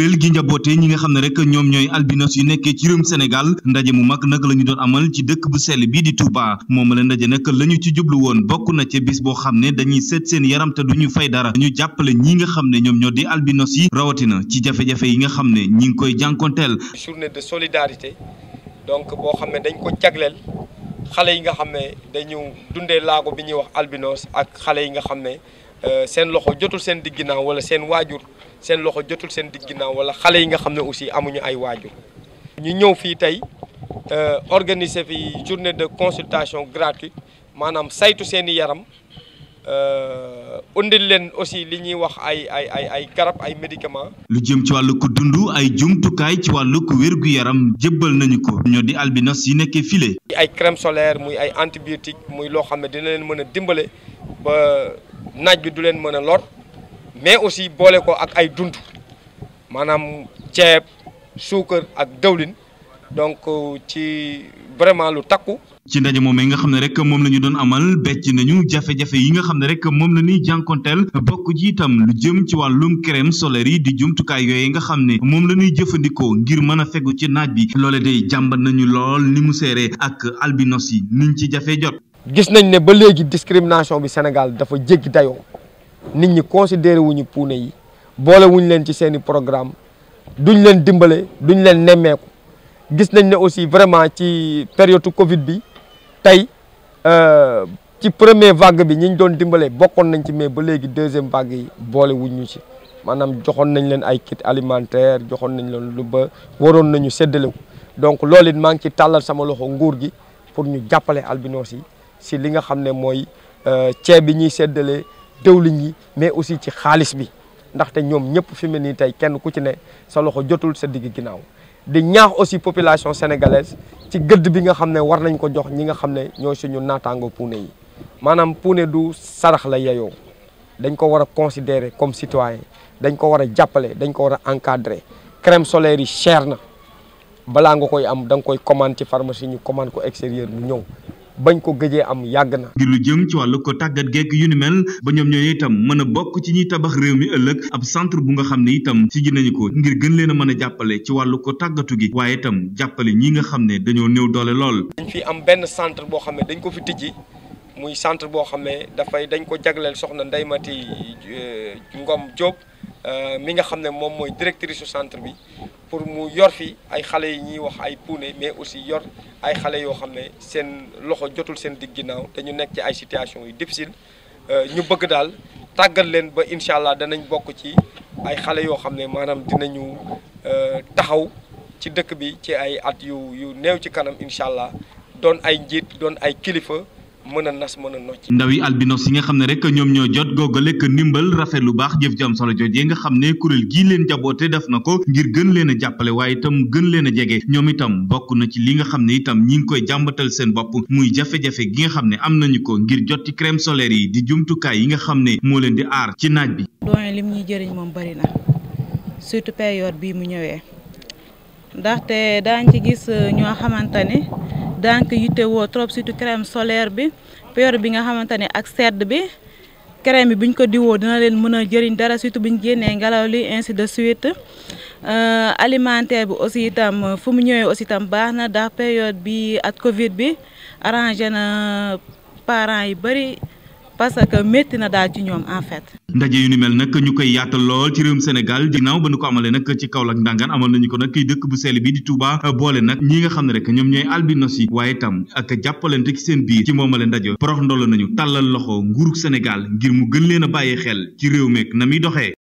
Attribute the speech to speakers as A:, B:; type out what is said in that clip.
A: kuréel gi njabootee ñi nga xam ne rek ñoom ñooy albinos yu nekkee ci réewum Sénégal ndaje mu mag nag la ñu doon amal ci dëkk bu sell bii di Touba moom la ndaje nag la ñu ci jublu woon bokk na ci bis boo xam ne dañuy seet seen yaram te du ñu fay dara ñu jàppale ñi nga xam ne ñoom ñoo di albinos yi rawatina ci jafe-jafe yi nga xam ne ñi ngi koy jànkonteel journée
B: de solidarité donc boo xam ne dañ ko jagleel xale yi nga xam ne dañu dundee laago bi ñuy wax albinos ak xale yi nga xam ne euh, seen loxo jotul seen digginaaw wala seen waajur seen loxo jotul seen digg ginnaaw wala xale yi nga xam ne aussi amuñu ay waajur. ñu ñëw fii tey euh, organiser fi journée de consultation gratuite maanaam saytu seen i yaram euh, undil leen aussi li ñuy wax ay ay ay ay garab ay médicaments.
A: lu jëm ci wàllu ko dund ay jumtukaay ci wàllu ko wér yaram jébbal nañu ko. ñoo di albinos yi nekkee file. ay crème solaire muy ay antibiotique muy loo xam
B: ne dina leen mën a dimbale ba naaj bi du leen mën a lor. mais aussi boole ko ak ay dund maanaam ceeb suukar ak dawlin
A: donc euh, ci vraiment lu takku. ci ndaje moom yi nga xam ne rek moom la ñu doon amal becc nañu jafe-jafe yi nga xam ne rek moom la ñuy jànkonteel bokk ji itam lu jëm ci wàllum crème soler yi di jumtukaay yooyu nga xam ne moom la ñuy jëfandikoo ngir mën a fegu ci naaj bi loole day jàmbat nañu lool li mu seeree ak albinos yi niñ ci jafe jot. gis nañ ne
B: ba léegi discrimination bi Sénégal dafa jéggi dayoo. nit ñi considéré wuñu puune yi boole wuñ leen ci seen i programme duñ leen dimbale duñ leen nemmeeku gis nañ ne aussi vraiment ci période Covid bi tey euh, ci premier vague bi ñi ñu doon dimbale bokkoon nañ ci mais ba léegi deuxième vague yi boole wuñ ñu ci maanaam joxoon nañ leen ay kit alimentaire joxoon nañ leen lu ba waroon nañu séddale donc loolu maa ngi ci tàllal sama loxo nguur gi pour ñu jàppale albinos yi si li nga xam ne mooy euh, ceeb bi ñuy séddale. dëwlin ñi mais aussi ci xaalis bi ndaxte ñoom ñëpp fi nii tey kenn ku ci ne sa loxo jotul sa digg ginnaaw di ñaax aussi population sénégalaise ci gëdd bi nga xam ne war nañ ko jox ñi nga xam ne ñoo si ñooy suñu naataango puune yi maanaam puune du sarax la yeyoo dañ ko war a considérer comme citoyen dañ ko war a jàppale dañ ko war a encadrer crème solaire yi cher na balaa nga koy am da koy commande ci pharmacie ñu commande ko extérieur mu ñëw bañ ko gëjee am yàgg na
A: ngir lu jëm ci wàllu ko tàggat gekk yu ni mel ba ñoom ñooñu itam mën a bokk ci ñuy tabax réew mi ëllëg ab centre bu nga xam ne itam si ji nañu ko ngir gën leen a mën a jàppale ci wàllu ko tàggatu gi waaye itam jàppale ñi nga xam ne dañoo néew doole lool dañ fi am benn centre boo xam ne dañ ko fi tijji
B: muy centre boo xam ne dafay dañ ko jagleel soxna Ndeye Mati euh, Ngom Diop Euh, mi nga xam ne moom mooy directrice su centre bi pour mu yor fi ay xale yi ñuy wax ay puune mais aussi yor ay xale yoo xam ne seen loxo jotul seen digg ginnaaw te ñu nekk ci ay situation yu difficile euh, ñu bëgg daal tàggal leen ba incha allah danañ bokk ci ay xale yoo xam ne maanaam dinañu euh, taxaw ci dëkk bi ci ay at yu yu néew ci kanam incha allah doon ay njiit doon ay kilifa. mën a nas mën a
A: nocc. ndaw yi albinos yi nga xam ne rek ñoom ñoo jot googale ak ndimbal rafet lu baax jëf ju am solo jooje nga xam ne kuréel gii leen jaboote def na ko ngir gën leen a jàppale waaye itam gën leen a jege ñoom itam bokk na ci li nga xam ne itam ñi ngi koy jàmbatal seen bopp muy jafe-jafe gi nga xam ne am nañu ko ngir jot ci crème solaire yi di jumtukaay yi nga xam ne moo leen di aar ci naaj bi.
C: doyen lim ñuy jëriñ moom bari na surtout mu ñëwee ndaxte daañ ci gis euh, donc yittewoo trop surtout crème solaire bi période bi nga xamante ne ak sedd bi crème bi ñu ko diwoo dina leen mën a jëriñ dara bi ñu génnee ngelaw li insi de suite euh, alimentaire bi aussi itam fu mu ñëwee aussi itam baax na ndax période bi ak Covid bi arrangé na parent yi bëri parce que métti na daal ñoom en
A: ndaje yu ni mel nag ñu koy yaatal lool ci réewum Sénégal ginnaaw ba nu ko amalee nag ci Kaolack ndàngaan amal nañu ko nag kiy dëkk bu sell bi di Touba boole nag ñi nga xam ne rek ñoom ñooy albinos yi waaye tam ak jàppalante ci seen biir ci moomale ndaje porox ndolo nañu tàllal loxo nguurug Sénégal ngir mu gën leen a bàyyi xel ci réew meek na muy doxee.